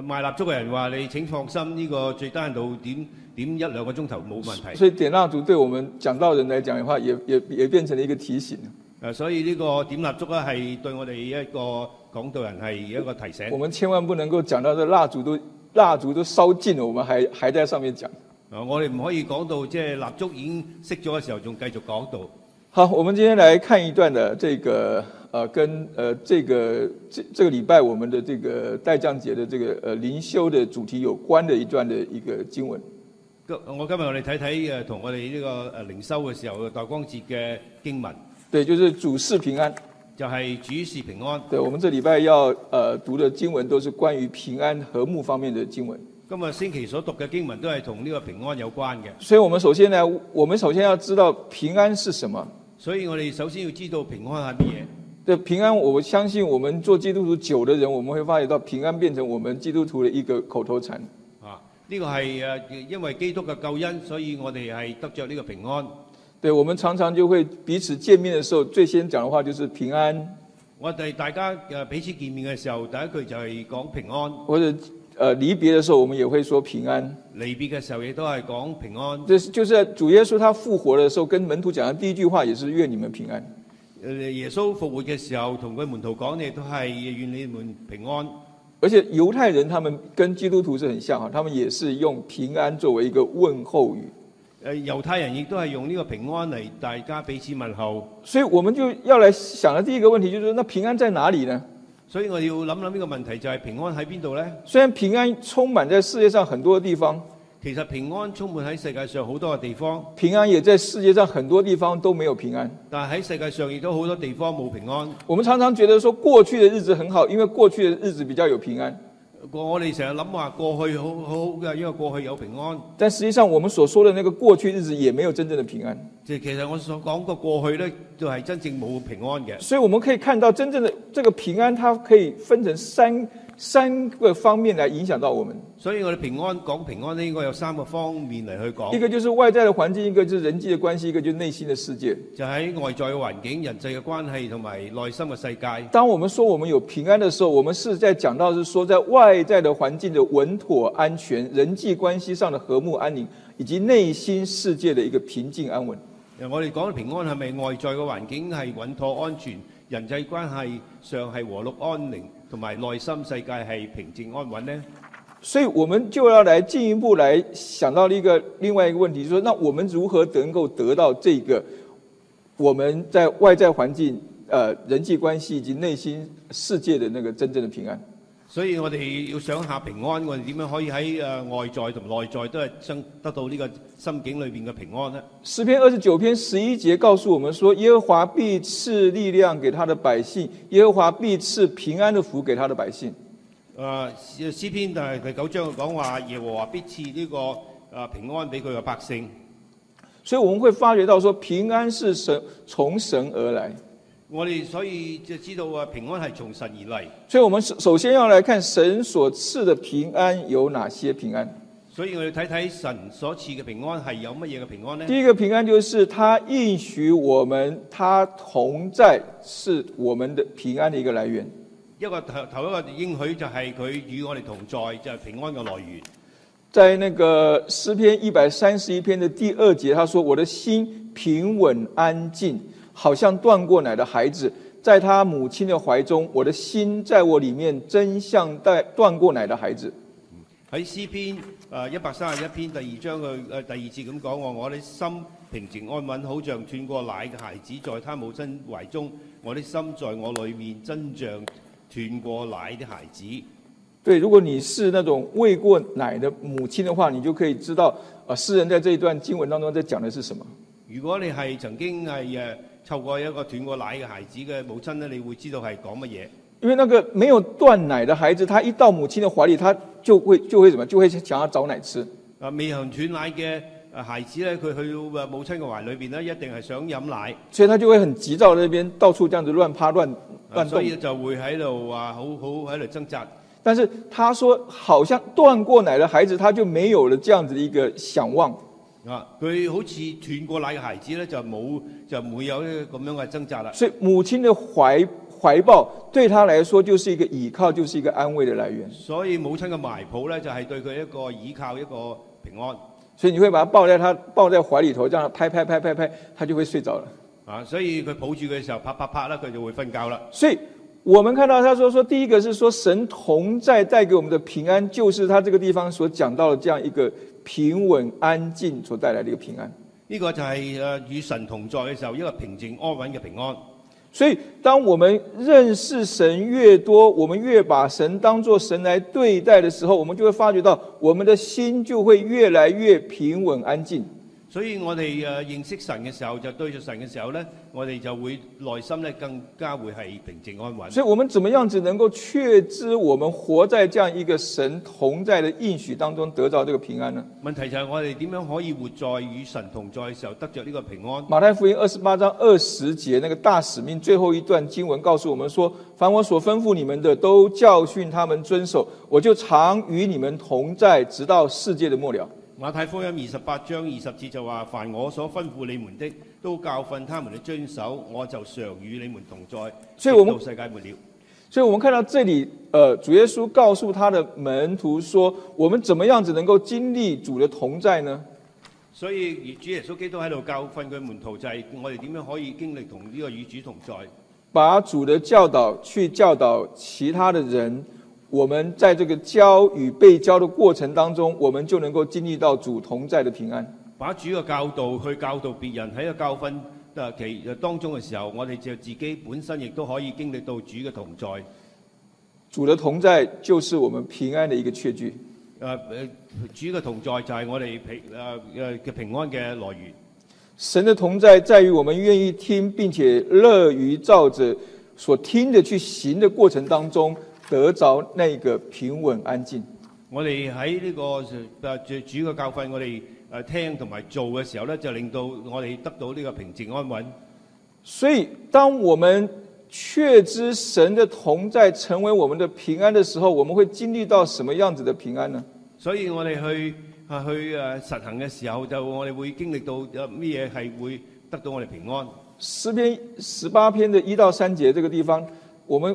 賣蠟燭嘅人話：你請放心，呢個最低限度點點一兩個鐘頭冇問題。所以點蠟燭對我們講道人嚟講嘅話，也也也變成了一個提醒。所以呢個點蠟燭咧，係對我哋一個講道人係一個提醒。我們千萬不能夠講到，個蠟燭都蠟燭都燒盡了，我們還還在上面講。我哋唔可以講到，即係蠟燭已經熄咗嘅時候，仲繼續講道。好，我們今天來看一段嘅這個呃跟呃，這個這這個禮拜我們的這個待降節的這個呃靈修的主題有關的一段的一個經文。今我今日我哋睇睇呃同我哋呢、這個呃靈修嘅時候待降節嘅經文。對，就是主是平安。就係主是平安。對，我們這禮拜要呃讀的經文都是關於平安和睦方面的經文。今日星期所讀嘅經文都係同呢個平安有關嘅。所以，我們首先呢我們首先要知道平安是什麼。所以我哋首先要知道平安係乜嘢。對平安，我相信我們做基督徒久的人，我們會發現到平安變成我們基督徒的一個口頭禪。啊，呢個係誒，因為基督嘅救恩，所以我哋係得着呢個平安。對，我們常常就會彼此見面嘅時候，最先講嘅話就是平安。我哋大家誒彼此見面嘅時候，第一句就係講平安。或者誒離別嘅時候，我們也會說平安。離別嘅時候亦都係講平安。就就是主耶穌他復活嘅時候，跟門徒講嘅第一句話，也是願你們平安。耶穌復活嘅時候，同佢門徒講，你都係願你們平安。而且猶太人，他們跟基督徒是很像啊，他們也是用平安作為一個問候語。誒猶太人亦都係用呢個平安嚟大家彼此問候。所以，我們就要來想嘅第一個問題，就是那平安在哪裡呢？所以我要諗諗呢個問題，就係平安喺邊度呢？雖然平安充滿在世界上很多地方。其實平安充滿喺世界上好多個地方，平安也在世界上很多地方都沒有平安。但喺世界上亦都好多地方冇平安。我們常常覺得說過去的日子很好，因為過去的日子比較有平安。過我哋成日諗話過去好好嘅，因為過去有平安。但實際上我們所說的那個過去日子，也沒有真正的平安。即其實我所講過，過去呢就係真正冇平安嘅。所以我們可以看到真正的這個平安，它可以分成三三個方面來影響到我們，所以我哋平安講平安咧，應該有三個方面嚟去講。一個就是外在嘅環境，一個就係人際的關係，一個就係內心的世界。就喺外在嘅環境、人際嘅關係同埋內心嘅世界。當我們說我們有平安嘅時候，我們是在講到是說在外在的環境的穩妥安全、人際關係上的和睦安寧，以及內心世界的一個平靜安穩。我哋講的平安係咪外在嘅環境係穩妥安全、人際關係上係和睦、安寧？同埋內心世界係平靜安穩呢，所以我們就要來進一步來想到了一個另外一個問題就是說，說那我們如何能夠得到這個我們在外在環境、呃，人際關係以及內心世界的那個真正的平安？所以我哋要想下平安，我哋點樣可以喺誒外在同內在都係增得到呢個心境裏邊嘅平安呢？詩篇二十九篇十一節告訴我們說，耶和華必賜力量給他的百姓，耶和華必賜平安的福給他的百姓。啊、呃，詩篇就係第九章講話，耶和華必賜呢個啊平安俾佢嘅百姓。所以我們會發覺到，說平安是神從神而來。我哋所以就知道啊，平安係從神而嚟。所以，我們首先要來看神所賜的平安有哪些平安。所以我哋睇睇神所賜嘅平安係有乜嘢嘅平安呢？第一個平安就是他應許我們，他同在是我們的平安嘅一個來源。一個頭頭一個應許就係佢與我哋同在，就係平安嘅來源。在那個詩篇一百三十一篇的第二節，他說：我的心平穩安靜。好像斷過奶的孩子，在他母親的懷中，我的心在我裏面真像，真像帶斷過奶的孩子。喺詩篇啊，一百三十一篇第二章嘅呃第二節，咁講我我啲心平靜安穩好，好像斷過奶嘅孩子，在他母親懷中，我啲心在我裏面，真像斷過奶的孩子。子對，如果你是那種餵過奶的母親的話，你就可以知道啊、呃，詩人在這一段經文當中在講的是什麼。如果你係曾經係誒。透過一個斷過奶嘅孩子嘅母親咧，你會知道係講乜嘢？因為那個沒有斷奶的孩子，他一到母親嘅懷裡，他就會就會什麼，就會想要找奶吃。啊，未行斷奶嘅孩子咧，佢去到母親嘅懷裏邊咧，一定係想飲奶，所以他就會很急躁那，喺邊到處這樣子亂趴亂亂動，所以就會喺度話好好喺度掙扎。但是，他說，好像斷過奶嘅孩子，他就沒有了這樣子的一個想望。啊！佢好似斷過奶嘅孩子咧，就冇就冇有咁樣嘅掙扎啦。所以母親嘅懷懷抱對他來說就是一個倚靠，就是一個安慰嘅來源。所以母親嘅懷抱咧，就係對佢一個倚靠，一個平安。所以你會把他抱在他抱在懷裏頭，這樣拍拍拍拍拍，他就會睡着了。啊！所以佢抱住佢嘅時候，拍拍拍啦，佢就會瞓覺啦。所以我們看到他說，說第一個是說神同在帶給我們的平安，就是他這個地方所講到嘅這樣一個。平穩安靜所帶來的一個平安，呢個就係誒與神同在嘅時候一個平靜安穩嘅平安。所以，當我們認識神越多，我們越把神當作神來對待嘅時候，我們就會發覺到，我們的心就會越來越平穩安靜。所以我哋誒認識神嘅時候，就對著神嘅時候呢，我哋就會內心咧更加會係平靜安穩。所以，我們怎麼樣子能夠確知我們活在這樣一個神同在的應許當中，得到這個平安呢？問題就係我哋點樣可以活在與神同在嘅時候得着呢個平安？馬太福音二十八章二十節，那個大使命最後一段經文告訴我們說：說凡我所吩咐你們的，都教訓他們遵守，我就常與你們同在，直到世界的末了。馬太福音二十八章二十節就話：凡我所吩咐你們的，都教訓他們去遵守，我就常與你們同在。所以，我們到世界末了。所以，我們看到這裏，誒、呃，主耶穌告訴他的門徒說：我們怎麼樣子能夠經歷主的同在呢？所以，主耶穌基督喺度教訓佢門徒就係：我哋點樣可以經歷同呢個與主同在？把主的教導去教導其他的人。我們在這個教與被教的過程當中，我們就能夠經歷到主同在的平安。把主嘅教導去教導別人，喺個教訓嘅其當中嘅時候，我哋就自己本身亦都可以經歷到主嘅同在。主的同在就是我們平安的一個確據。誒，主嘅同在就係我哋平，誒、誒嘅平安嘅來源。神的同在在於我們願意聽，並且樂於照着所聽的去行的過程當中。得着那個平穩安靜。我哋喺呢個誒主嘅教訓，我哋誒聽同埋做嘅時候咧，就令到我哋得到呢個平靜安穩。所以，當我們確知神嘅同在成為我們的平安的時候，我們會經歷到什麼樣子的平安呢？所以我哋去啊去誒實行嘅時候，就我哋會經歷到有咩嘢係會得到我哋平安。詩篇十八篇的一到三節，這個地方，我們。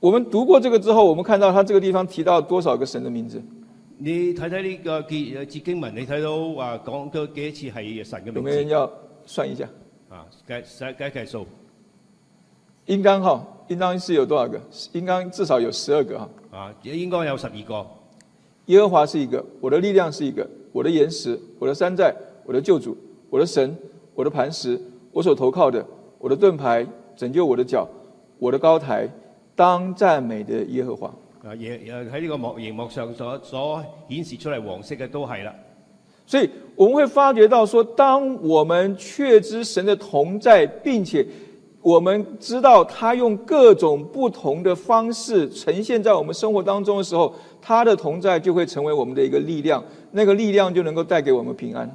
我們讀過這個之後，我們看到他這個地方提到多少個神的名字？你睇睇呢個節節經文，你睇到話講到幾多次？係神嘅名字。有沒有人要算一下？啊，介介介數，應該哈，應當是有多少個？應該至少有十二個哈。啊，應該有十二個。耶和華是一個，我的力量是一個，我的巖石，我的山寨，我的救主，我的神，我的磐石，我所投靠的，我的盾牌，拯救我的腳，我的高台。當讚美的耶和華啊，也又喺呢個幕熒幕上所所顯示出嚟黃色嘅都係啦。所以，我們會發覺到，說當我們確知神的同在，並且我們知道他用各種不同的方式呈現，在我們生活當中的時候，他的同在就會成為我們的一個力量，那個力量就能夠帶給我們平安。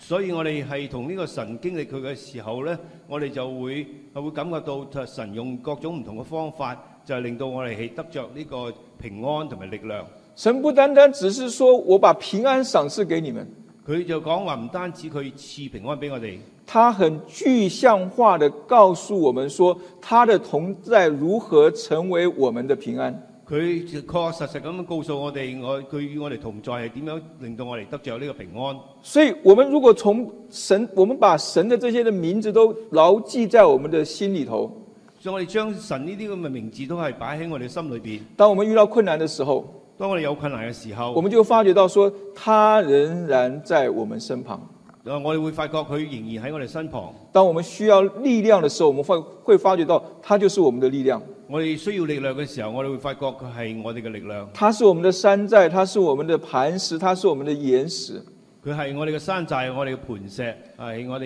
所以我哋係同呢個神經歷佢嘅時候咧，我哋就會會感覺到神用各種唔同嘅方法。就令到我哋係得着呢個平安同埋力量。神不單單只是說我把平安賞賜給你們，佢就講話唔單止佢賜平安俾我哋。他很具象化地告訴我們說，他的同在如何成為我們的平安。佢確確實實咁樣告訴我哋，我佢與我哋同在係點樣令到我哋得着呢個平安。所以我們如果從神，我們把神的這些的名字都牢記在我們的心裏頭。所以我哋將神呢啲咁嘅名字都係擺喺我哋心裏邊。當我們遇到困難嘅時候，當我哋有困難嘅時候，我們就發覺到說他仍然在我們身旁。我哋會發覺佢仍然喺我哋身旁。當我們需要力量嘅時候，我們會會發覺到他就是我們嘅力量。我哋需要力量嘅時候，我哋會發覺佢係我哋嘅力量。他是我們嘅山寨，他是我們嘅磐石，他是我們嘅岩石。佢係我哋嘅山寨，是我哋嘅磐石，係我哋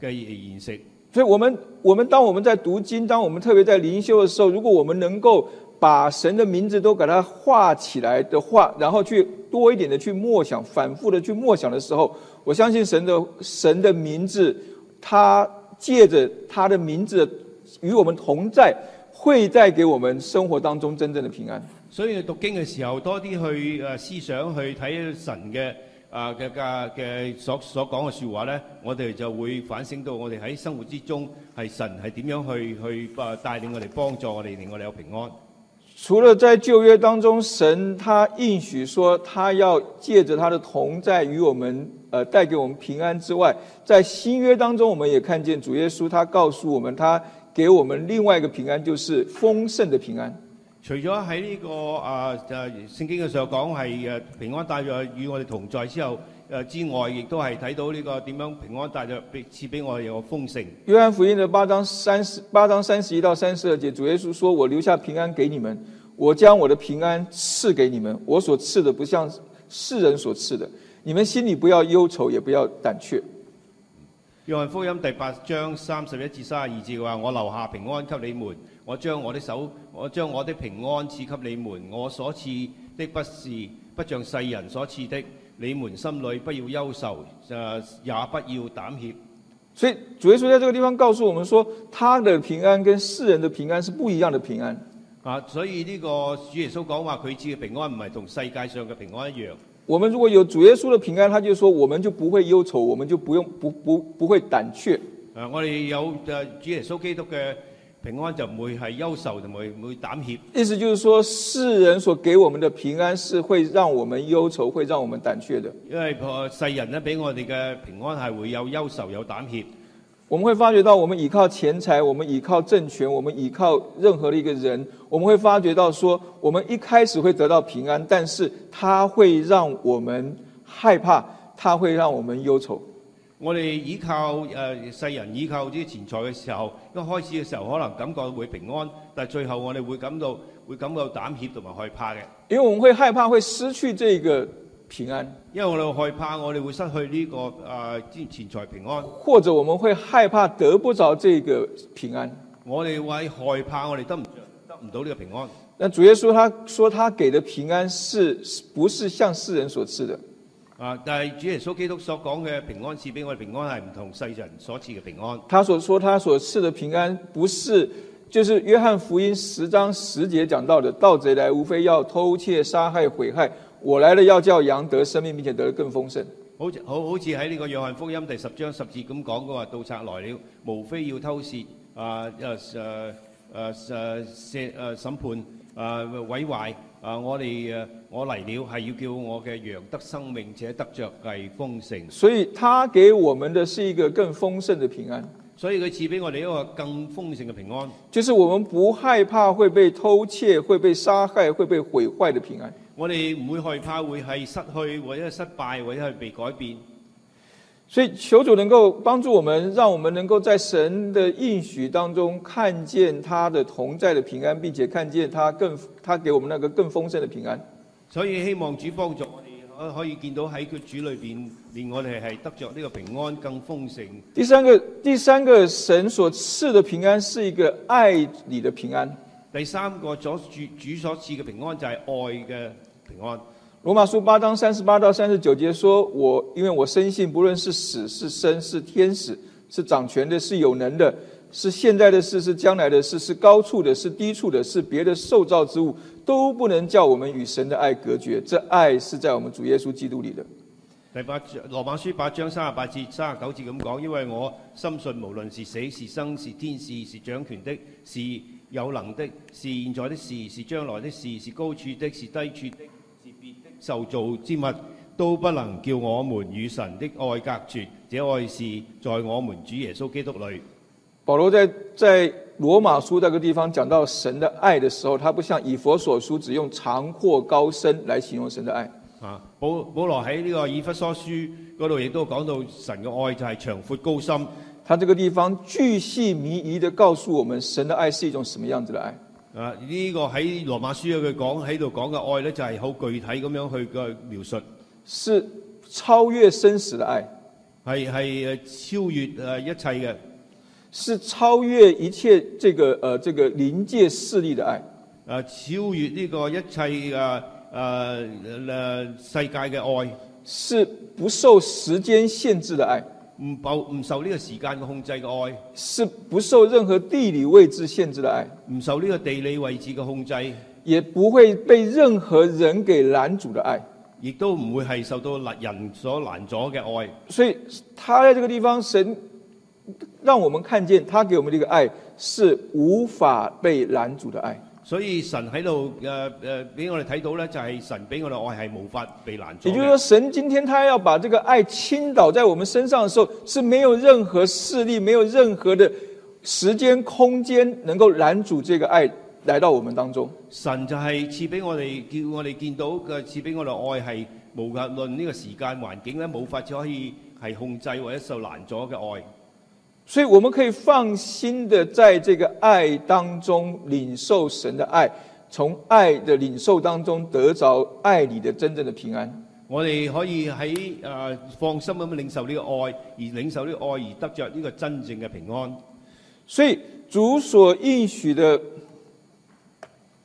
嘅嘅岩石。所以，我們我們，當我們在讀經，當我們特別在靈修的時候，如果我們能夠把神的名字都給它畫起來的話，然後去多一點的去默想，反復的去默想的時候，我相信神的神的名字，他借着他的名字與我們同在，會帶給我們生活當中真正的平安。所以讀經的時候，多啲去呃思想，去睇神嘅。啊嘅嘅嘅所所講嘅說話咧，我哋就會反省到我哋喺生活之中係神係點樣去去啊帶領我哋幫助我哋令我哋有平安。除了在舊約當中，神他應許說，他要借着他的同在與我們呃帶給我們平安之外，在新約當中，我們也看見主耶穌，他告訴我們，他給我們另外一個平安，就是豐盛的平安。除咗喺呢個啊就聖、啊、經嘅上講係誒平安大著與我哋同在之後誒、啊、之外，亦都係睇到呢個點樣平安大著俾賜俾我哋個豐盛。約翰福音嘅八章三十八章三十一到三十二節，主耶穌說：我留下平安給你們，我將我的平安賜給你們，我所賜的不像世人所賜的，你們心裡不要憂愁，也不要膽怯。約翰福音第八章三十一至三十二節嘅話：我留下平安給你們，我將我的手，我將我的平安賜給你們。我所賜的不是不像世人所賜的，你們心裏不要憂愁，誒、呃，也不要膽怯。所以主耶穌在這個地方告訴我們說，他的平安跟世人的平安是不一樣的平安。啊，所以呢個主耶穌講話，佢賜嘅平安唔係同世界上嘅平安一樣。我們如果有主耶穌的平安，他就說我們就不會憂愁，我們就不用不不不會膽怯。誒，我哋有的主耶穌基督嘅平安就唔會係憂愁，就唔會唔會膽怯。意思就是說，世人所給我們的平安是會讓我們憂愁，會讓我們膽怯的。因為世人咧俾我哋嘅平安係會有憂愁，有膽怯。我們會發覺到，我們依靠錢財，我們依靠政權，我們依靠任何的一個人，我們會發覺到，說我們一開始會得到平安，但是它會讓我們害怕，它會讓我們憂愁。我哋依靠誒，世人依靠啲錢財嘅時候，一開始嘅時候可能感覺會平安，但最後我哋會感到會感到膽怯同埋害怕嘅。因為我們會害怕會失去這個。平安，因為我哋害怕我哋會失去呢，這個誒之、呃、錢財平安，或者我們會害怕得不着這個平安，我哋會害怕我哋得唔得唔到呢個平安。那主耶穌他說他給的平安是不是像世人所賜的？但係主耶穌基督所講嘅平安賜俾我哋平安係唔同世人所賜嘅平安。他所說他所賜嘅平安不是，就是約翰福音十章十節講到的，盜賊來無非要偷竊、殺害、毀害。我來了，要叫羊得生命並且得更豐盛。好似好好似喺呢個約翰福音第十章十節咁講，佢話盜賊來了，無非要偷竊啊、啊、啊、啊、審啊審判啊、毀壞啊。我哋啊，我嚟了，係要叫我嘅羊得生命且得着更豐盛。所以，他給我們的是一個更豐盛嘅平安。所以佢賜俾我哋一個更豐盛嘅平安，就是我們不害怕會被偷竊、會被殺害、會被毀壞的平安。我哋唔會害怕，會係失去，或者係失敗，或者係被改變。所以求主能夠幫助我們，讓我們能夠在神的應許當中看見祂的同在的平安，並且看見祂更，祂給我們那個更豐盛的平安。所以希望主幫助我哋，可以見到喺佢主裏邊，令我哋係得着呢個平安更豐盛。第三個，第三個神所賜的平安是一個愛你的平安。第三個，所主，主所賜嘅平安就係愛嘅平安。羅馬書八章三十八到三十九節說：我因為我深信，不論是死是生是天使是掌權的是有能的，是現在的事是將來的事是,是高處的是低處的是別的受造之物都不能叫我們與神的愛隔絕。這愛是在我們主耶穌基督裏的。第八羅馬書八章三十八節三十九節咁講，因為我深信，無論是死是生是天使是掌權的是有能的是現在的事是將來的事是高處的是低處的。受造之物都不能叫我們與神的愛隔絕，這愛是在我們主耶穌基督裏。保羅在在羅馬書這個地方講到神的愛的時候，他不像以弗所書只用長闊高深來形容神的愛。啊，保保羅喺呢、這個以弗所書嗰度亦都講到神嘅愛就係長闊高深。他這個地方巨細靡遺的告訴我們神的愛是一種什麼樣子的愛。啊！呢、這個喺羅馬書佢講喺度講嘅愛咧，就係、是、好具體咁樣去嘅描述，是超越生死嘅愛，係係誒超越誒一切嘅，是超越一切這個誒、呃、這個臨界勢力嘅愛誒、啊、超越呢個一切誒誒誒世界嘅愛，是不受時間限制嘅愛。唔受唔受呢個時間嘅控制嘅愛，是不受任何地理位置限制嘅愛，唔受呢個地理位置嘅控制，也不會被任何人給攔阻嘅愛，亦都唔會係受到人所攔阻嘅愛。所以，他在這個地方，神讓我們看見，他給我們這個愛，是無法被攔阻的愛。所以神喺度誒誒俾我哋睇到咧，就係、是、神俾我哋愛係無法被攔住。也就係話，神今天他要把這個愛傾倒在我們身上嘅時候，是沒有任何勢力、沒有任何嘅時間、空間能夠攔住這個愛來到我們當中。神就係賜俾我哋，叫我哋見到嘅賜俾我哋愛係無論呢個時間環境咧，冇法子可以係控制或者受攔阻嘅愛。所以我們可以放心的在這個愛當中領受神的愛，從愛的領受當中得着愛你的真正的平安。我哋可以喺、呃、放心咁領受呢個愛，而領受呢個愛而得着呢個真正嘅平安。所以主所應許的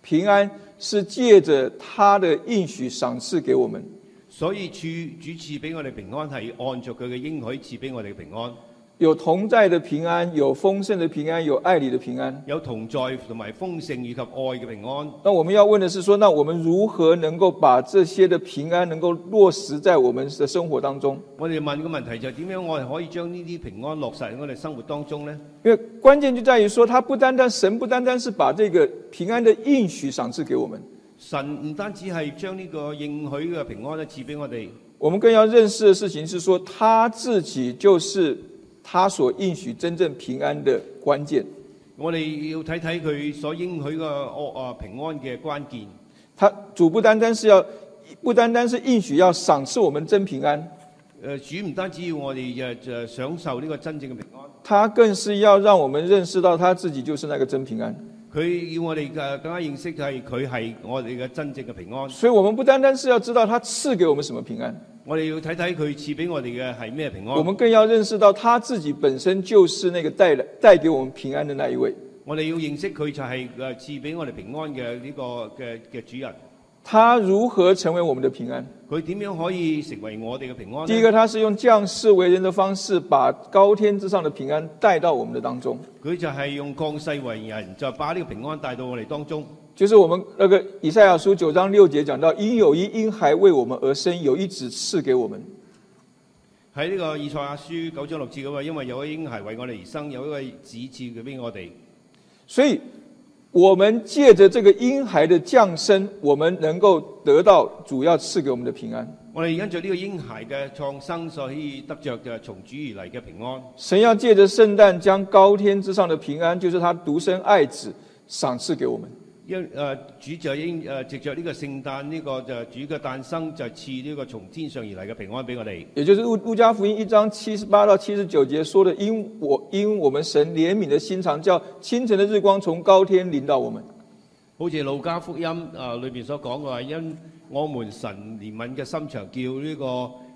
平安是借着他的應許賞賜給我們。所以主主賜俾我哋平安係按着佢嘅應許賜俾我哋平安。有同在的平安，有豐盛的平安，有愛你的平安。有同在同埋豐盛以及愛的平安。那我們要問的是，說，那我們如何能夠把這些的平安能夠落實在我們的生活當中？我哋問個問題就係、是、點樣，我哋可以將呢啲平安落實喺我哋生活當中呢？因為關鍵就在於說，他不單單神不單單是把這個平安的應許賞賜給我們。神唔單止係將呢個應許嘅平安咧賜俾我哋。我們更要認識的事情是說，他自己就是。他所應許真正平安的關鍵，我哋要睇睇佢所應許嘅，惡啊，平安嘅關鍵。他主不單單是要，不單單是應許要賞賜我們真平安。誒，主唔單止要我哋嘅，誒享受呢個真正嘅平安，他更是要讓我們認識到他自己就是那個真平安。佢要我哋誒更加認識係佢係我哋嘅真正嘅平安。所以我們不單單是要知道他賜給我們什麼平安。我哋要睇睇佢賜俾我哋嘅係咩平安。我們更要認識到他自己本身就是那個帶來帶給我們平安的那一位。我哋要認識佢就係誒賜俾我哋平安嘅呢、這個嘅嘅主人。他如何成為我們的平安？佢點樣可以成為我哋嘅平安？第一個，他是用降世為人的方式，把高天之上的平安帶到我們的當中。佢就係用降世為人，就把呢個平安帶到我哋當中。就是我們那個以賽亞書九章六節講到，因有一嬰孩為我們而生，有一子賜給我們。喺呢個以賽亞書九章六節嘅嘛，因為有一嬰孩為我哋而生，有一位子賜俾我哋。所以，我們借着這個嬰孩的降生，我們能夠得到主要賜給我們的平安。我哋因着呢個嬰孩嘅降生，所以得着嘅從主以嚟嘅平安。神要借着聖誕，將高天之上的平安，就是他獨生愛子賞賜給我們。因誒，主就應誒，藉著呢個聖誕，呢個就主嘅誕生，就賜呢個從天上而嚟嘅平安俾我哋。也就是路路加福音一章七十八到七十九節說的，因我因我們神憐憫的心腸，叫清晨的日光從高天臨到我們。好似路加福音啊裏邊所講嘅話，因我們神憐憫嘅心腸，叫呢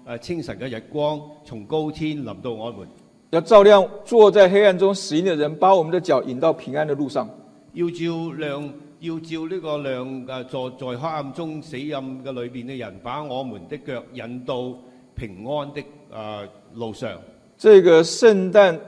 個誒清晨嘅日光從高天臨到我們，要照亮坐在黑暗中死蔭嘅人，把我們嘅腳引到平安嘅路上。要照亮。要照呢個亮坐在黑暗中死暗嘅裏邊嘅人，把我們的腳引到平安的誒路上。這個聖誕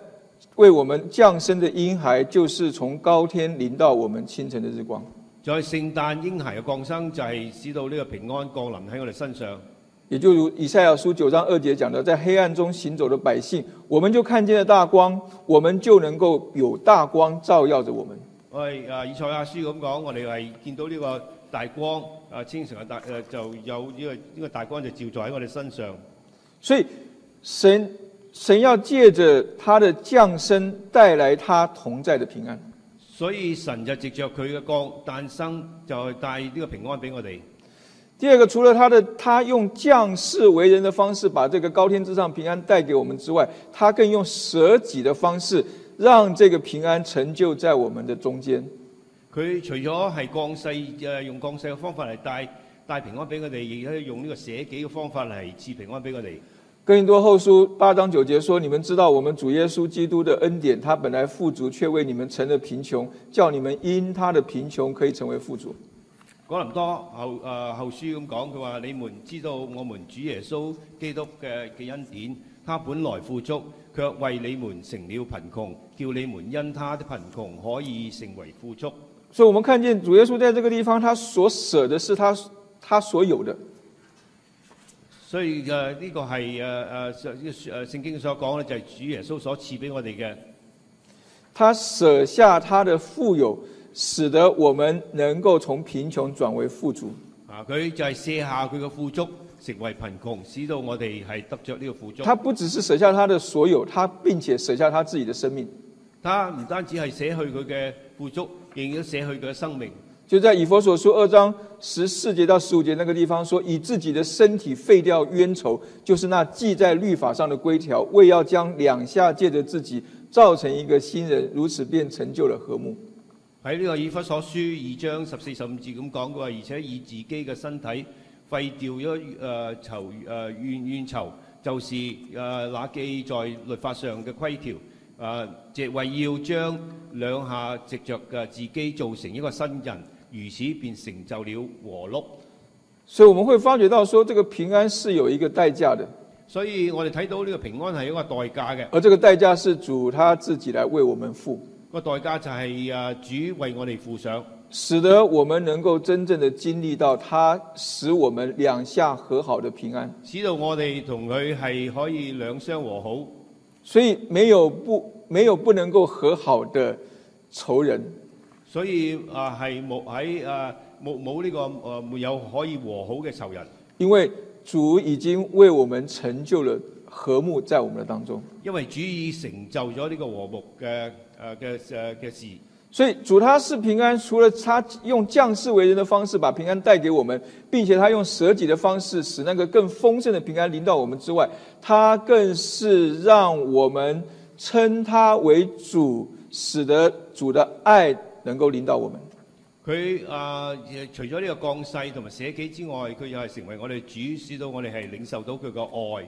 為我們降生的嬰孩，就是從高天臨到我們清晨的日光。在聖誕嬰孩嘅降生，就係使到呢個平安降臨喺我哋身上。也就如以賽亞書九章二節講到，在黑暗中行走的百姓，我們就看見了大光，我們就能夠有大光照耀着我們。我啊，以賽亞書咁講，我哋係見到呢個大光啊，清晨嘅大誒就有呢、這個呢、這個大光就照在喺我哋身上。所以神神要借着他的降生，帶來他同在的平安。所以神就藉着佢嘅光誕生，就係帶呢個平安俾我哋。第二個，除了他的他用降世為人嘅方式，把這個高天之上平安帶給我們之外，他更用捨己嘅方式。讓這個平安成就在我們的中間。佢除咗係降世，誒，用降世嘅方法嚟，帶帶平安俾我哋，亦可以用呢個捨己嘅方法嚟賜平安俾我哋。哥林多後書八章九節說：你們知道，我們主耶穌基督的恩典，他本來富足，卻為你們成了貧窮，叫你們因他的貧窮可以成為富足。哥林多後誒、呃、後書咁講，佢話，你們知道，我們主耶穌基督嘅嘅恩典，他本來富足，卻為你們成了貧窮，叫你們因他的貧窮可以成為富足。所以，我們看見主耶穌在這個地方，他所捨的是他他所有的。所以嘅呢、呃這個係誒誒誒聖經所講嘅，就係主耶穌所賜俾我哋嘅，他捨下他的富有。使得我們能夠從貧窮轉為富足啊！佢就係捨下佢嘅富足，成為貧窮，使到我哋係得着呢個富足。他不只是捨下他的所有，他並且捨下他自己的生命。他唔單止係捨去佢嘅富足，亦要捨去佢嘅生命。就在以弗所書二章十四節到十五節那個地方說：“以自己的身體廢掉冤仇，就是那記在律法上的規條，為要將兩下藉着自己造成一個新人，如此便成就了和睦。”喺呢個以弗所書二章十四十五節咁講嘅話，而且以自己嘅身體廢掉咗誒仇誒怨仇，就是誒那記在律法上嘅規條，誒、呃、藉為要將兩下藉著嘅自己造成一個新人，如此便成就了和睦。所以我們會發覺到說，說這個平安是有一個代價嘅，所以我哋睇到呢個平安係一個代價嘅。而這個代價是主他自己來為我們付。個代價就係啊，主為我哋負上，使得我們能夠真正的經歷到他使我們兩下和好的平安，使到我哋同佢係可以兩相和好，所以沒有不沒有不能夠和好的仇人，所以啊係冇喺啊冇冇呢個誒沒有可以和好嘅仇人，因為主已經為我們成就了。和睦在我們的當中，因為主已成就咗呢個和睦嘅誒嘅嘅事。所以主他是平安，除了他用降世為人的方式把平安帶給我們，並且他用捨己的方式使那個更豐盛的平安臨到我們之外，他更是讓我們稱他為主，使得主的愛能夠領導我們。佢啊、呃，除咗呢個降世同埋捨己之外，佢又係成為我哋主，使到我哋係領受到佢嘅愛。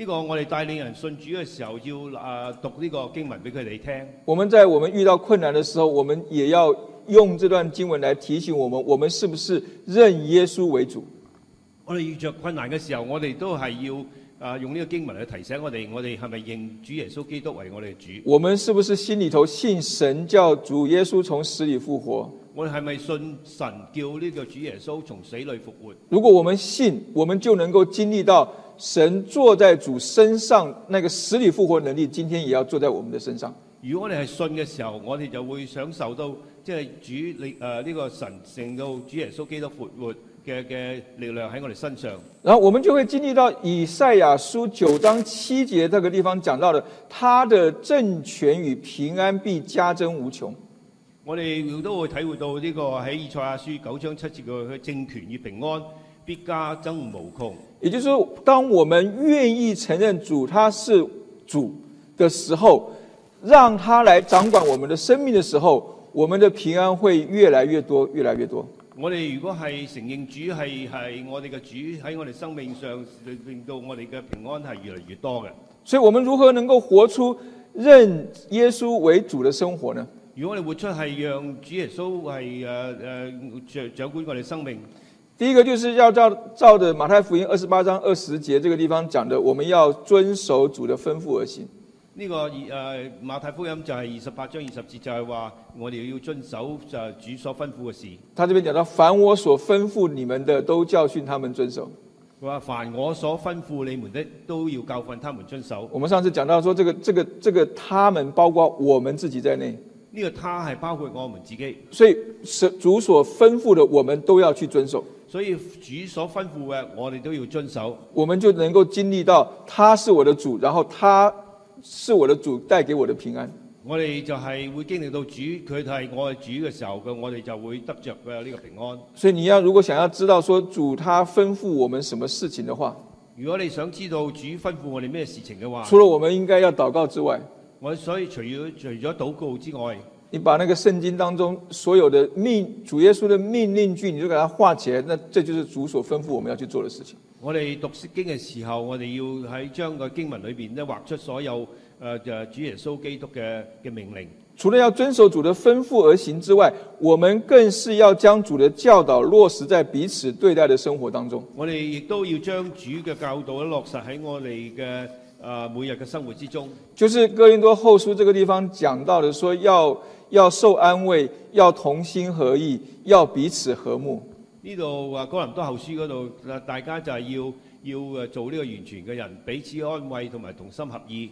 呢個我哋帶領人信主嘅時候要啊讀呢個經文俾佢哋聽。我們在我們遇到困難的時候，我們也要用這段經文來提醒我們，我們是不是認耶穌為主？我哋遇着困難嘅時候，我哋都係要啊用呢個經文嚟提醒我哋，我哋係咪認主耶穌基督為我哋主？我們是不是心裏頭信神叫主耶穌從死裏復活？我哋係咪信神叫呢個主耶穌從死裏復活？如果我們信，我們就能夠經歷到。神坐在主身上，那個死裏復活能力，今天也要坐在我們的身上。如果我哋係信嘅時候，我哋就會享受到即係、就是、主力誒呢、呃這個神聖到主耶穌基督復活嘅嘅力量喺我哋身上。然後我們就會經歷到以賽亞書九章七節嗰個地方講到嘅，他的政權與平安必加增無窮。我哋都會體會到呢、這個喺以賽亞書九章七節嘅佢政權與平安必加增無窮。也就是說，當我們願意承認主他是主的時候，讓他來掌管我們的生命的時候，我們的平安會越來越多，越來越多。我哋如果係承認主係係我哋嘅主喺我哋生命上，令到我哋嘅平安係越嚟越多嘅。所以，我們如何能夠活出認耶穌為主的生活呢？如果我哋活出係讓主耶穌係誒誒掌掌管我哋生命。第一個就是要照照着馬太福音二十八章二十節這個地方講的，我們要遵守主的吩咐而行。那個，誒，馬太福音就係二十八章二十節就係話，我哋要遵守就係主所吩咐嘅事。他這邊講到，凡我所吩咐你們的，都教訓他們遵守。佢話凡我所吩咐你們的，都要教訓他們遵守。我們上次講到說，這個、這個、這個，他們包括我們自己在內。呢個他係包括我們自己，所以主所吩咐的，我們都要去遵守。所以主所吩咐嘅，我哋都要遵守。我們就能夠經歷到他是我的主，然後他是我的主，帶給我的平安。我哋就係會經歷到主，佢係我嘅主嘅時候，嘅我哋就會得着嘅呢個平安。所以你要，如果想要知道說主他吩咐我們什麼事情嘅話，如果你想知道主吩咐我哋咩事情嘅話，除了我們應該要禱告之外，我們所以除咗除咗禱告之外。你把那個聖經當中所有的命主耶穌的命令句，你就給它畫起嚟，那這就是主所吩咐我們要去做的事情。我哋讀聖經嘅時候，我哋要喺將個經文裏邊咧畫出所有誒就、呃、主耶穌基督嘅嘅命令。除了要遵守主的吩咐而行之外，我們更是要將主的教導落實在彼此對待的生活當中。我哋亦都要將主嘅教導咧落實喺我哋嘅誒每日嘅生活之中。就是哥林多後書這個地方講到的，說要。要受安慰，要同心合意，要彼此和睦。呢度話《哥林多後書》嗰度，大家就係要要誒做呢個完全嘅人，彼此安慰同埋同心合意。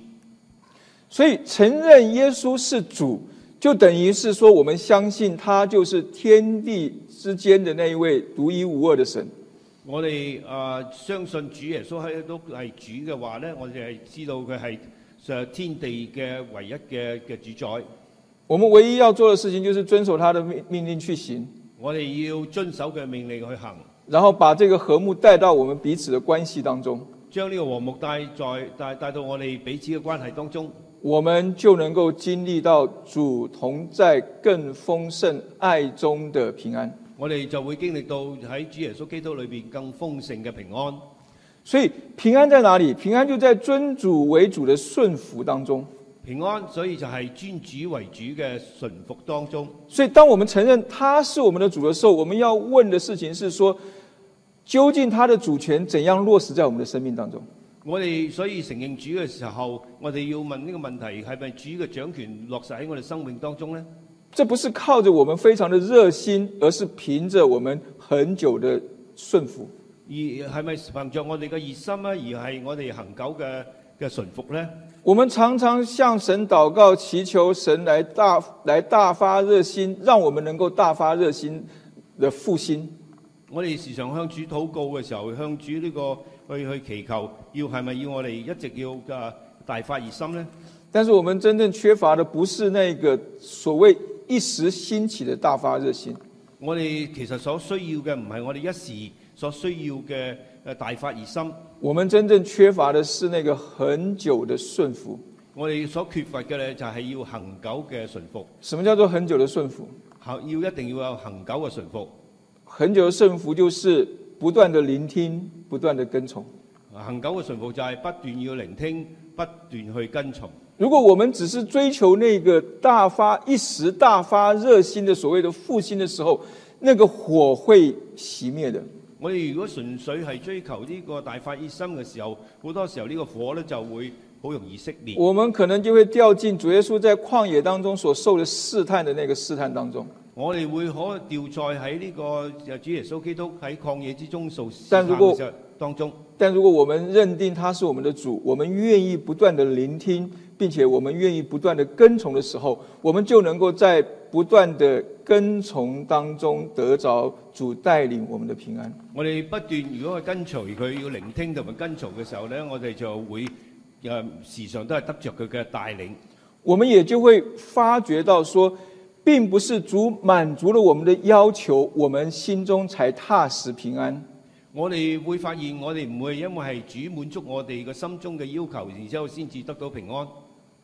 所以，承認耶穌是主，就等於是說，我們相信他就是天地之間的那一位獨一無二的神。我哋啊、呃，相信主耶穌係都係主嘅話，咧，我哋係知道佢係上天地嘅唯一嘅嘅主宰。我們唯一要做的事情就是遵守他的命命令去行。我哋要遵守佢命令去行，然後把這個和睦帶到我們彼此的關係當中，將呢個和睦帶在帶帶到我哋彼此嘅關係當中，我們就能夠經歷到主同在更豐盛愛中的平安。我哋就會經歷到喺主耶穌基督裡面更豐盛嘅平安。所以平安在哪裡？平安就在尊主為主的順服當中。平安，所以就係尊主為主嘅順服當中。所以，當我們承認他是我們的主的時候，我們要問的事情是說，究竟他的主權怎樣落實在我們的生命當中？我哋所以承認主嘅時候，我哋要問呢個問題，係咪主嘅掌權落實喺我哋生命當中呢？這不是靠着我們非常的熱心，而是憑着我們很久的順服。而係咪憑着我哋嘅熱心啊？而係我哋恒久嘅嘅順服咧？我們常常向神禱告，祈求神來大來大發熱心，讓我們能夠大發熱心的復興。我哋時常向主禱告嘅時候，向主呢、這個去去祈求，要係咪要我哋一直要嘅、啊、大發熱心咧？但是我們真正缺乏的，不是那個所謂一時興起的大發熱心。我哋其實所需要嘅，唔係我哋一時所需要嘅誒、啊、大發熱心。我們真正缺乏的是那個恒久的順服。我哋所缺乏嘅呢，就係要恒久嘅順服。什麼叫做恆久的順服？要一定要有恒久嘅順服。恒久的順服就是不斷地聆聽，不斷地跟從。恒久嘅順服就係不斷要聆聽，不斷去跟從。如果我們只是追求那個大發一時大發熱心的所謂的復興的時候，那個火會熄滅的。我哋如果純粹係追求呢個大發熱心嘅時候，好多時候呢個火咧就會好容易熄滅。我們可能就會掉進主耶穌在曠野當中所受的試探的那個試探當中。我哋會可掉在喺呢個主耶穌基督喺曠野之中受試探嘅當中。但如果我們認定他是我們的主，我們願意不斷地聆聽，並且我們願意不斷地跟從的時候，我們就能夠在不斷的跟從當中得着主帶領我們的平安。我哋不斷如果去跟隨佢要聆聽同埋跟隨嘅時候呢，我哋就會誒時常都係得着佢嘅帶領。我們也就會發覺到說，並不是主滿足了我們的要求，我們心中才踏實平安。我哋會發現，我哋唔會因為係主滿足我哋嘅心中嘅要求，然之後先至得到平安。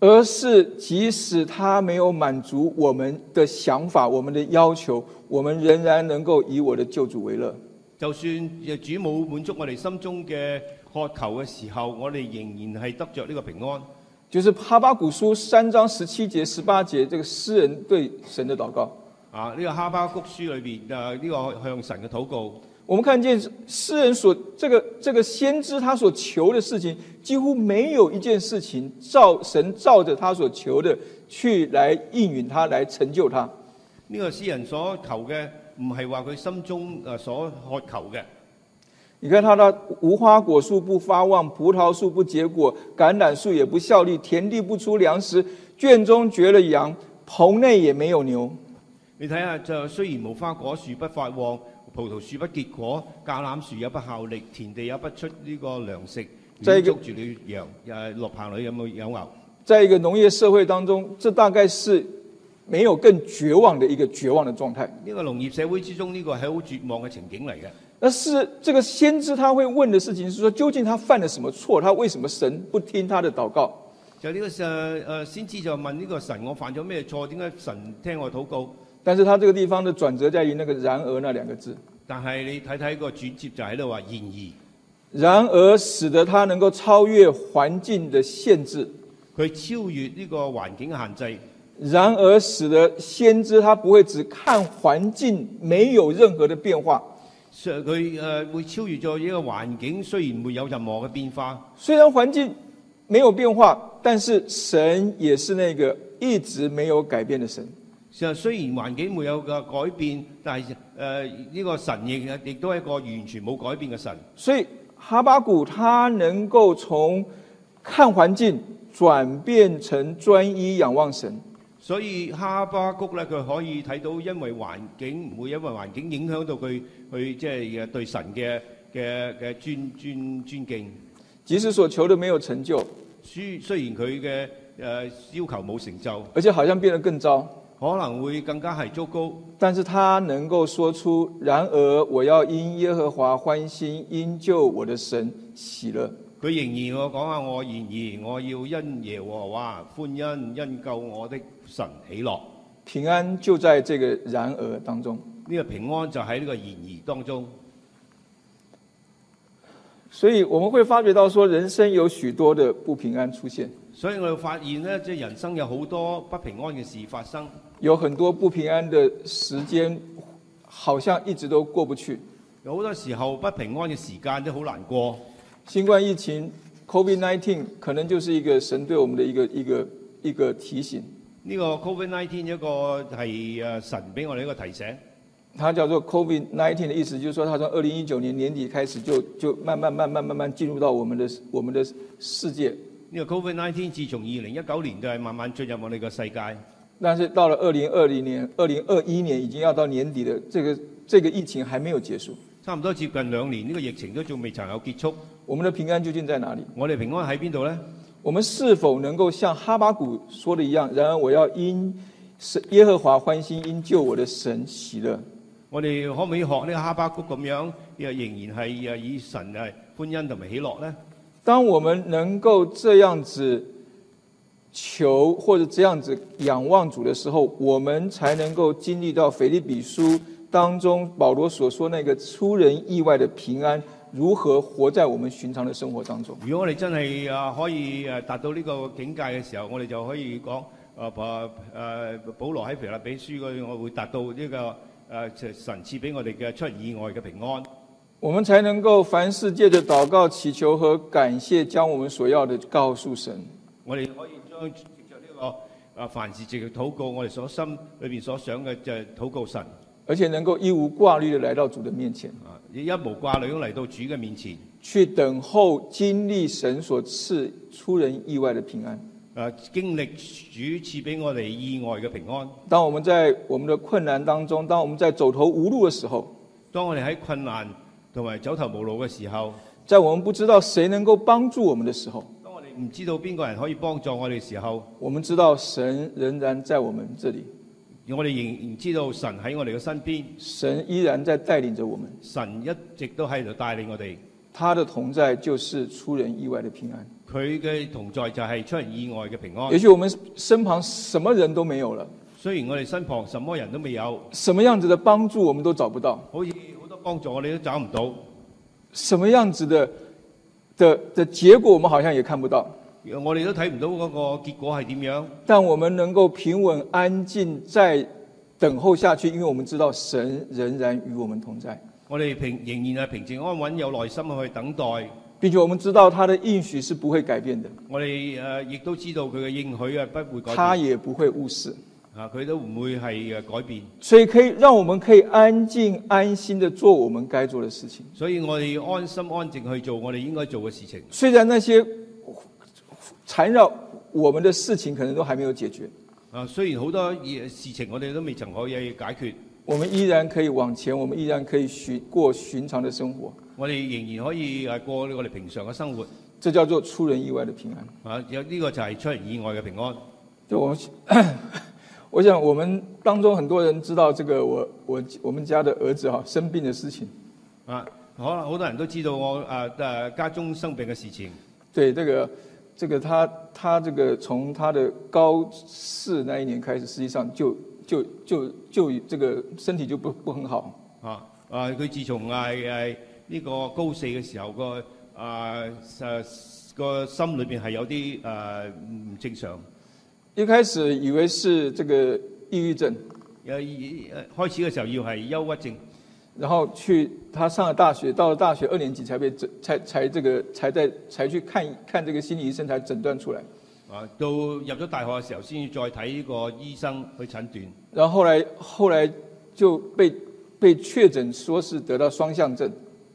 而是，即使他沒有滿足我們的想法、我們的要求，我們仍然能夠以我的救主為樂。就算主冇滿足我哋心中嘅渴求嘅時候，我哋仍然係得着呢個平安。就是哈巴谷書三章十七節、十八節，這個詩人對神的禱告啊，呢個哈巴谷書裏邊啊，呢個向神嘅禱告。我們看見詩人所這個這個先知他所求的事情，幾乎沒有一件事情照神照着他所求的去來應允他來成就他。呢個詩人所求嘅唔係話佢心中誒所渴求嘅。你看他的無花果樹不發旺，葡萄樹不結果，橄欖樹也不效力，田地不出糧食，圈中絕了羊，棚內也沒有牛。你睇下，就雖然無花果樹不發旺。葡萄樹不結果，橄欖樹也不效力，田地也不出呢個糧食，捉住了羊。誒，落棚裏有冇養牛？在一個農業社會當中，這大概是沒有更絕望的一個絕望的狀態。呢個農業社會之中，呢個係好絕望嘅情景嚟嘅。那是這個先知，他會問的事情，是說究竟他犯了什麼錯？他為什麼神不聽他的禱告？就呢個誒誒先知就問呢個神，我犯咗咩錯？點解神聽我禱告？但是他這個地方的轉折在於那個然而那兩個字。但係你睇睇個轉折，就喺度話然而。然而使得他能夠超越環境的限制，佢超越呢個環境限制。然而使得先知他不會只看環境，沒有任何的變化。所以佢誒會超越咗呢個環境，雖然沒有任何嘅變化。雖然環境沒有變化，但是神也是那個一直沒有改變的神。其實雖然環境沒有個改變，但係誒呢個神亦亦都係一個完全冇改變嘅神。所以哈巴谷他能夠從看環境轉變成專一仰望神。所以哈巴谷咧，佢可以睇到，因為環境唔會因為環境影響到佢佢即係對神嘅嘅嘅尊尊尊敬。即使所求都沒有成就，雖雖然佢嘅誒要求冇成就，而且好像變得更糟。可能會更加係糟糕，但是他能夠說出，然而我要因耶和華歡心，因救我的神喜樂。佢仍然我講下我，仍然我要因耶和華歡欣，因救我的神喜樂。平安就在這個然而當中，呢個平安就喺呢個然而當中。所以我們會發覺到，說人生有許多的不平安出現。所以我哋發現呢，即係人生有好多不平安嘅事發生。有很多不平安的時間好像一直都過不去。有好多時候不平安嘅時間都好難過。新冠疫情 （Covid-19） 可能就是一個神對我們的一個一個一個提醒。呢個 Covid-19 一個係誒神俾我哋一個提醒。他叫做 Covid-19 的意思，就是說他從二零一九年年底開始就，就就慢慢慢慢慢慢進入到我們的我們的世界。呢個 Covid-19 自從二零一九年就係慢慢進入我哋個世界。但是到了二零二零年、二零二一年，已經要到年底了，這個這個疫情還沒有結束。差唔多接近兩年，呢個疫情都仲未曾有結束。我們的平安究竟在哪裏？我哋平安喺邊度咧？我們是否能夠像哈巴谷說的一樣？然而我要因耶和華歡欣，因救我的神喜樂。我哋可唔可以學呢個哈巴谷咁樣，又仍然係以神誒歡欣同埋喜樂咧？當我們能夠這樣子。求或者這樣子仰望主的時候，我們才能夠經歷到腓立比書當中保羅所說那個出人意外的平安，如何活在我們尋常的生活當中。如果我哋真係啊可以誒達到呢個境界嘅時候，我哋就可以講啊，啊保羅喺腓立比書嗰度，我會達到呢個誒神賜俾我哋嘅出人意外嘅平安。我們才能夠凡事借着禱告、祈求和感謝，將我們所要的告訴神。我哋可以。當藉着呢個啊，凡事藉着禱告，我哋所心裏邊所想嘅就係禱告神，而且能夠一無掛慮地來到主嘅面前啊！一無掛慮都嚟到主嘅面前，去等候經歷神所賜出人意外嘅平安。啊，經歷主賜俾我哋意外嘅平安。當我們在我們的困難當中，當我們在走投無路嘅時候，當我哋喺困難同埋走投無路嘅時候，在我們不知道誰能夠幫助我們嘅時候。唔知道邊個人可以幫助我哋時候，我們知道神仍然在我們這裏，我哋仍然知道神喺我哋嘅身邊，神依然在帶領着我們，神一直都喺度帶領我哋，他的同在就是出人意外的平安，佢嘅同在就係出人意外嘅平安。也許我們身旁什麼人都沒有了，雖然我哋身旁什麼人都未有，什麼樣子的幫助我們都找不到，好似好多幫助我哋都找唔到，什麼樣子的？的的結果，我們好像也看不到。我哋都睇唔到嗰個結果係點樣。但我們能夠平穩、安靜再等候下去，因為我們知道神仍然與我們同在。我哋平仍然係平靜安穩，有耐心去等待。並且我們知道他的應許是不會改變的。我哋誒亦都知道佢嘅應許啊不會改變。他也不會誤事。啊！佢都唔會係改變，所以可以讓我們可以安靜、安心地做我們該做的事情。所以我哋安心、安靜去做我哋應該做嘅事情。雖然那些纏繞我們的事情可能都還沒有解決。啊，雖然好多事情我哋都未曾可以解決，我們依然可以往前，我們依然可以循過尋常的生活。我哋仍然可以誒過我哋平常嘅生活。這叫做出人意外的平安。啊，有、這、呢個就係出人意外嘅平安。我。 我想我們當中很多人知道這個我我我們家的兒子哈、啊、生病的事情，啊，好，好多人都知道我誒誒、啊啊、家中生病嘅事情。對，這個，這個他他這個從他的高四那一年開始，實際上就就就就，就這個身體就不不很好啊啊啊、這個。啊，啊，佢自從係誒呢個高四嘅時候個啊呃個心裏面係有啲呃唔正常。一開始以為是這個抑鬱症，有以誒開始嘅時候要係憂鬱症，然後去他上了大學，到了大學二年級才被診，才才這個，才在才去看看這個心理醫生，才診斷出來。啊，到入咗大學嘅時候先要再睇個醫生去診斷。然后後來後來就被被確診說是得到雙向症。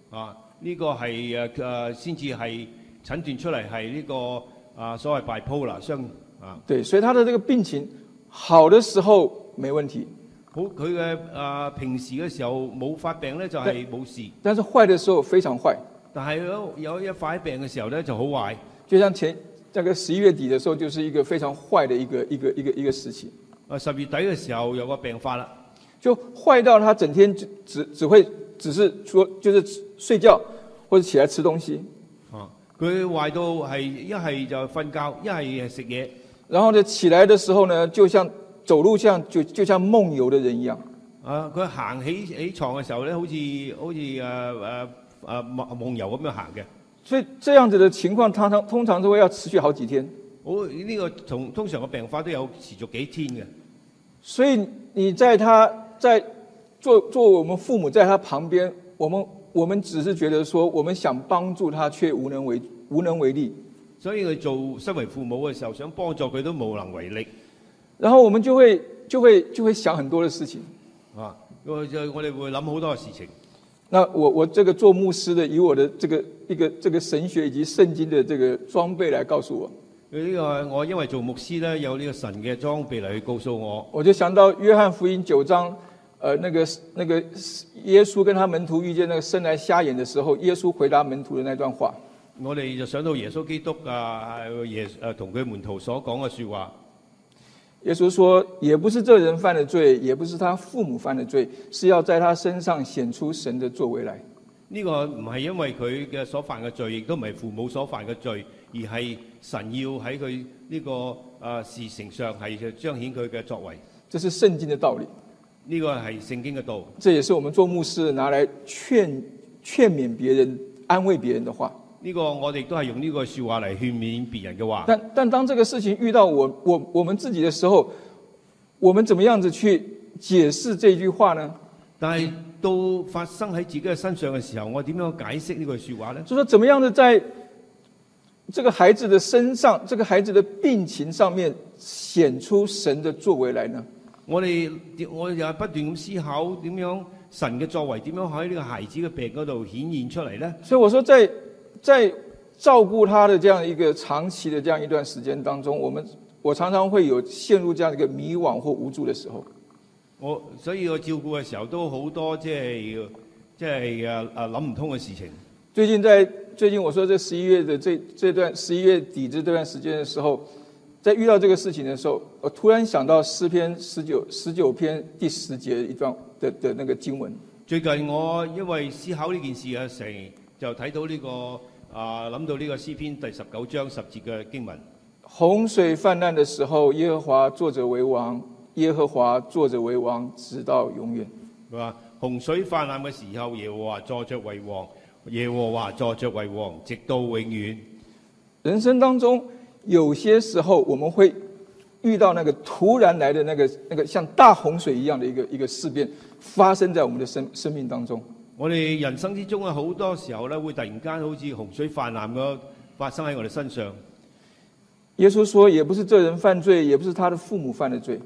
啊，呢、這個係呃誒先至係診斷出嚟，係呢個啊所謂 bipolar 啊，對，所以他的這個病情好的時候沒問題，好佢嘅啊平時嘅時候冇發病呢，就係冇事，但是壞的時候非常壞，但係有有一發病嘅時候呢，就好壞，就像前大概十一月底嘅時候就是一個非常壞嘅一個一個一個一個事情，啊十月底嘅時候有個病發啦，就壞到他整天只只只會只是說就是睡覺或者起來吃東西，哦，佢壞到係一係就瞓覺，一係食嘢。然後呢，起來的時候呢，就像走路像，像就就像夢遊的人一樣。啊，他行起起床的時候呢，好似好似呃呃呃夢夢遊咁樣行嘅。所以這樣子的情況，他他通常都要持續好幾天。哦，呢、這個同通常嘅病發都有持續幾天嘅。所以你在他在做做我們父母在他旁邊，我們我們只是覺得說，我們想幫助他，卻無能為無能為力。所以佢做身為父母嘅時候，想幫助佢都無能為力。然後我們就會就會就會想很多的事情。啊，我就我哋會諗好多嘅事情。那我我這個做牧師的，以我的這個一個這個神學以及聖經的這個裝備來告訴我。這個我因為做牧師咧，有呢個神嘅裝備嚟去告訴我。我就想到《約翰福音》九章，呃那個那個耶穌跟他門徒遇見那個生來瞎眼的時候，耶穌回答門徒的那段話。我哋就想到耶穌基督啊，耶誒同佢門徒所講嘅説話。耶穌說：也不是這人犯的罪，也不是他父母犯的罪，是要在他身上顯出神的作為來。呢個唔係因為佢嘅所犯嘅罪，亦都唔係父母所犯嘅罪，而係神要喺佢呢個啊、呃、事情上係彰顯佢嘅作為。這是聖經嘅道理。呢個係聖經嘅道。這也是我們做牧師拿來勸勸勉別人、安慰別人嘅話。呢個我哋都係用呢個說話嚟勸勉別人嘅話，但但當這個事情遇到我我我們自己的時候，我們怎麼樣子去解釋這句話呢？但係到發生喺自己嘅身上嘅時候，我點樣解釋呢句說話呢？就說怎麼樣子在這個孩子的身上，這個孩子的病情上面顯出神的作為來呢？我哋我又不斷咁思考麼，點樣神嘅作為點樣喺呢個孩子嘅病嗰度顯現出嚟呢？所以我說在。在照顧他的這樣一個長期的這樣一段時間當中，我們我常常會有陷入這樣一個迷惘或無助的時候。我所以我照顧嘅時候都好多即係即係啊啊諗唔通嘅事情。最近在最近，我說在十一月的這，這段十一月底至這段時間嘅時候，在遇到這個事情嘅時候，我突然想到詩篇十九十九篇第十節一段的的，的那個經文。最近我因為思考呢件事啊成。就睇到呢個啊，諗到呢個詩篇第十九章十節嘅經文。洪水泛濫嘅時候，耶和華坐着為王，耶和華坐着為王，直到永遠。係啊，洪水泛濫嘅時候，耶和華坐着為王，耶和華坐着為王，直到永遠。人生當中有些時候，我們會遇到那個突然來的那個那個像大洪水一樣的一個一個事變，發生在我們的生生命當中。我哋人生之中啊，好多時候咧，會突然間好似洪水泛濫咁發生喺我哋身上。耶穌說，也不是罪人犯罪，也不是他的父母犯的罪。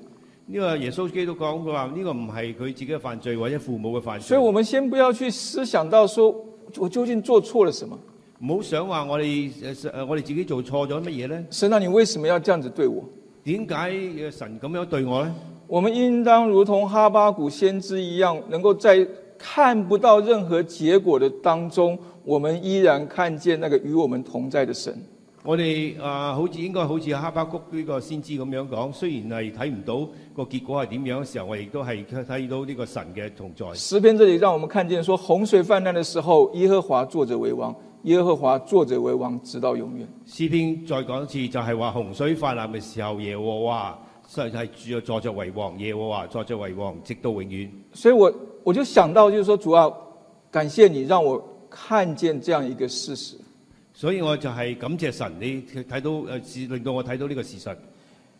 呢個耶穌基督講佢話：呢個唔係佢自己嘅犯罪，或者父母嘅犯罪。所以我們先不要去思想到說我究竟做錯了什麼，唔好想話我哋誒誒，我哋自己做錯咗乜嘢咧。神啊，你為什麼要這樣子對我？點解神咁樣對我咧？我們應當如同哈巴谷先知一樣，能夠在。看不到任何結果的當中，我們依然看見那個與我們同在的神。我哋啊、呃，好似應該好似哈巴谷呢個先知咁樣講，雖然係睇唔到個結果係點樣嘅時候，我亦都係睇到呢個神嘅同在。詩篇這裏讓我們看見說，洪的就是、說洪水泛濫嘅時候，耶和華坐着為王，耶和華坐着為王，直到永遠。詩篇再講一次，就係話洪水泛濫嘅時候，耶和華就係坐着、坐着為王，耶和華坐着為王，直到永遠。所以我。我就想到，就是說主、啊，主要感謝你讓我看見這樣一個事實。所以我就係感謝神，你睇到誒，使令到我睇到呢個事實。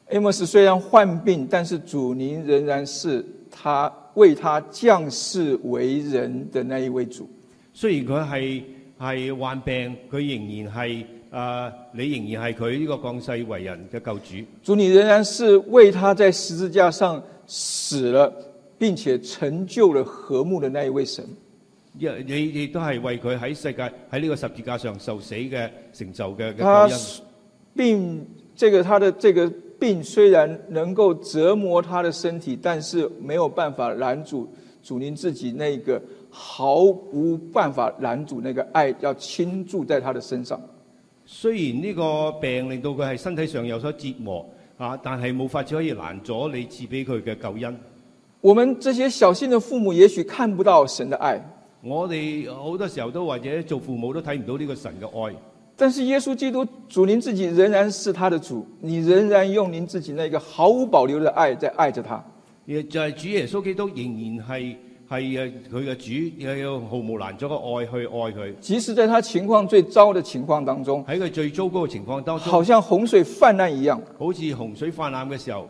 Amos 雖然患病，但是主您仍然是他為他降世為人的那一位主。雖然佢係係患病，佢仍然係啊，你仍然係佢呢個降世為人嘅救主。主你仍然是為他在十字架上死了。並且成就了和睦的那一位神，你亦都是為佢喺世界喺呢個十字架上受死嘅成就嘅。他病，這個他的這個病雖然能夠折磨他的身體，但是沒有辦法攔阻主你自己那個毫無辦法攔阻那個愛要傾注在他的身上。雖然呢個病令到佢係身體上有所折磨啊，但係冇法子可以攔阻你賜俾佢嘅救恩。我們這些小心的父母，也許看不到神的愛。我哋好多時候都或者做父母都睇唔到呢個神嘅愛。但是耶穌基督主，您自己仍然是他的主，你仍然用您自己那個毫無保留的愛在愛着他。也就係主耶穌基督仍然係係，誒，佢嘅主，又要毫無攔阻嘅愛去愛佢。即使在他情況最糟嘅情況當中，喺佢最糟糕嘅情況當中，好似洪水泛濫一樣，好似洪水泛濫嘅時候。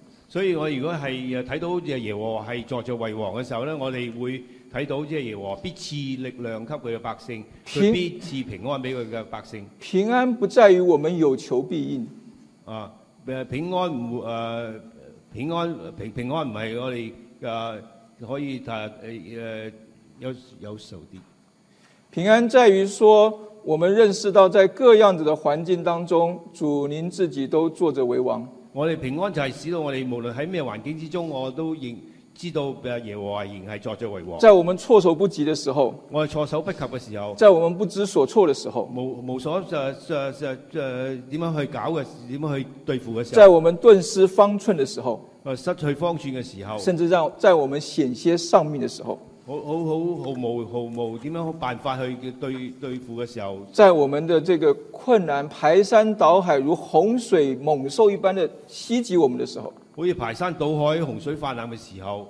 所以我如果係，誒，睇到，誒耶和華係坐著為王嘅時候咧，我哋會睇到，即係耶和華必賜力量給佢嘅百姓，平必賜平安俾佢嘅百姓。平安不在於我們有求必應。啊、誒平安唔、誒、啊、平安平平安唔係我哋誒、啊、可以誒誒、啊、有有數啲。平安在於說，我們認識到在各樣子嘅環境當中，主您自己都坐著為王。我哋平安就係使到我哋無論喺咩環境之中，我都認知道作作，誒耶和華仍係在作為王。在我們措手不及嘅時候，我哋措手不及嘅時候，在我們不知所措嘅時候，無無所就就就就點樣去搞嘅，點樣去對付嘅時候，在我們頓失方寸嘅時候，誒、啊、失去方寸嘅時候，甚至讓在我們險些喪命嘅時候。好好好，毫無毫無點樣辦法去對對付嘅時候，在我們的這個困難排山倒海、如洪水猛獸一般的襲擊我們的時候，好似排山倒海、洪水泛濫嘅時候，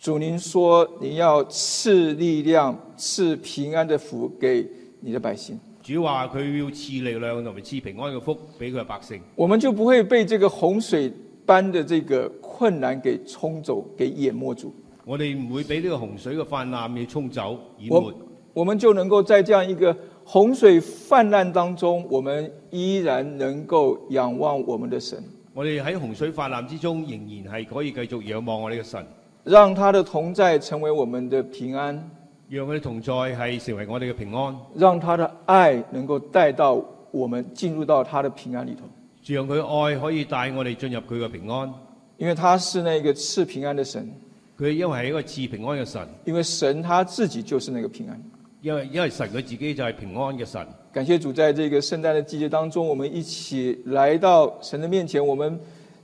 主您說你要賜力量、賜平安的福給你的百姓。主話佢要賜力量同埋賜平安嘅福俾佢百姓，我們就不會被這個洪水般的這個困難給沖走、給淹沒住。我哋唔會被呢個洪水嘅泛濫去沖走淹沒。我，我們就能夠在這樣一個洪水泛濫當中，我們依然能夠仰望我們的神。我哋喺洪水泛濫之中，仍然係可以繼續仰望我哋嘅神。讓他的同在成為我們的平安。讓佢嘅同在係成為我哋嘅平安。讓他的愛能夠帶到我們進入到他的平安裏頭。讓佢愛可以帶我哋進入佢嘅平安。因為他是那個賜平安的神。佢因為係一個賜平安嘅神，因為神他自己就是那個平安，因為因為神佢自己就係平安嘅神。感謝主，在這個聖誕的季節當中，我們一起來到神的面前，我們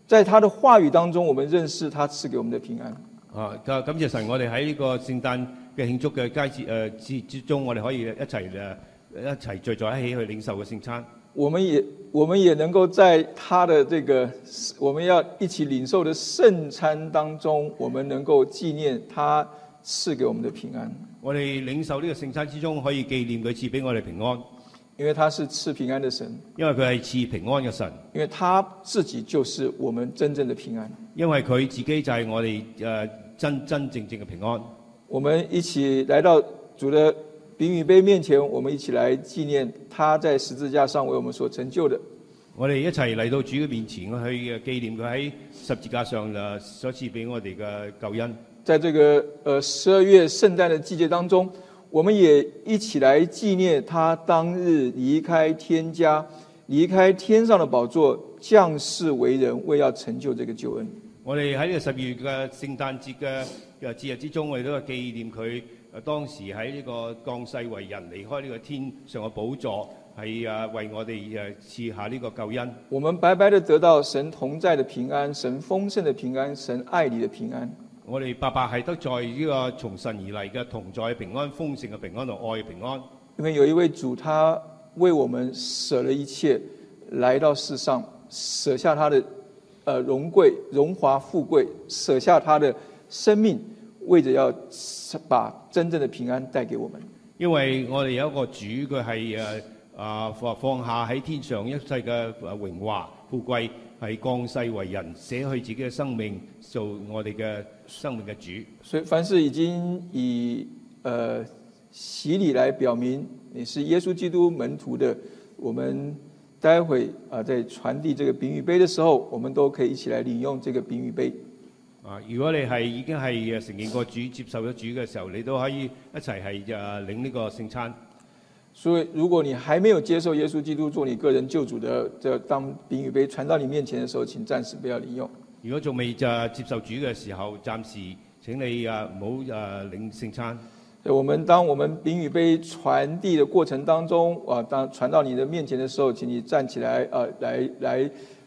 在他的話語當中，我們認識他賜給我們的平安。啊，感謝神，我哋喺呢個聖誕嘅慶祝嘅佳節誒節之中，我哋可以一齊誒一齊聚在一起去領受嘅聖餐。我們也。我們也能夠在他的這個我們要一起領受的聖餐當中，我們能夠紀念他賜給我們的平安。我哋領受呢個聖餐之中，可以紀念佢賜俾我哋平安，因為他是賜平安的神。因為佢係賜平安嘅神。因為他自己就是我們真正的平安。因為佢自己就係我哋呃真真正正嘅平安。我們一起來到主的。餅與杯面前，我們一起來紀念他在十字架上為我們所成就的。我哋一齊嚟到主嘅面前，去嘅紀念佢喺十字架上嘅所賜俾我哋嘅救恩。在這個呃十二月聖誕的季節當中，我們也一起來紀念他當日離開天家、離開天上的寶座，降世為人，為要成就這個救恩。我哋喺呢個十二月嘅聖誕節嘅節日之中，我哋都係紀念佢。誒當時喺呢個降世為人，離開呢個天上嘅寶座，係啊為我哋誒賜下呢個救恩。我們白白的得到神同在的平安，神豐盛的平安，神愛你的平安。我哋白白係得在呢個從神而嚟嘅同在的平安、豐盛嘅平安同愛的平安。因為有一位主，他為我們捨了一切，來到世上，捨下他的誒榮貴、榮華富貴，捨下他的生命。為着要把真正的平安帶給我們，因為我哋有一個主，佢係誒啊放放下喺天上一切嘅榮華富貴，係降世為人，捨去自己嘅生命做我哋嘅生命嘅主。所以，凡是已經以誒、呃、洗禮來表明你是耶穌基督門徒的，我們待會啊、呃、在傳遞這個餅與杯的時候，我們都可以一起來領用這個餅與杯。啊！如果你係已經係承認過主、接受咗主嘅時候，你都可以一齊係啊領呢個聖餐。所以，如果你還沒有接受耶穌基督做你個人救主的，就當餅與杯傳到你面前的時候，請暫時不要領用。如果仲未就接受主嘅時候，暫時請你啊唔好啊領聖餐。誒，我們當我們餅與杯傳遞嘅過程當中，啊，當傳到你的面前的時候，請你站起來，啊、呃，來來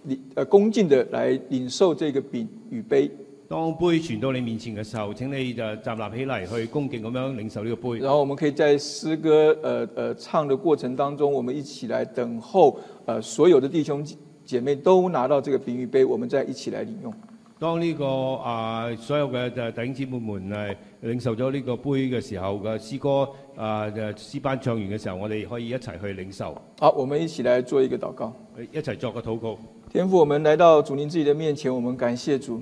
領，誒，恭敬地來領受這個餅與杯。當杯傳到你面前嘅時候，請你就站立起嚟，去恭敬咁樣領受呢個杯。然後我們可以在詩歌，誒、呃、誒唱的過程當中，我們一起來等候，誒、呃、所有的弟兄姐妹都拿到這個餅與杯，我們再一起來領用。當呢、這個啊、呃、所有嘅弟兄姊妹們誒、呃、領受咗呢個杯嘅時候嘅詩歌，啊、呃、詩班唱完嘅時候，我哋可以一齊去領受。好，我們一起嚟做一個禱告，一齊作個禱告。天父，我們來到主您自己嘅面前，我們感謝主。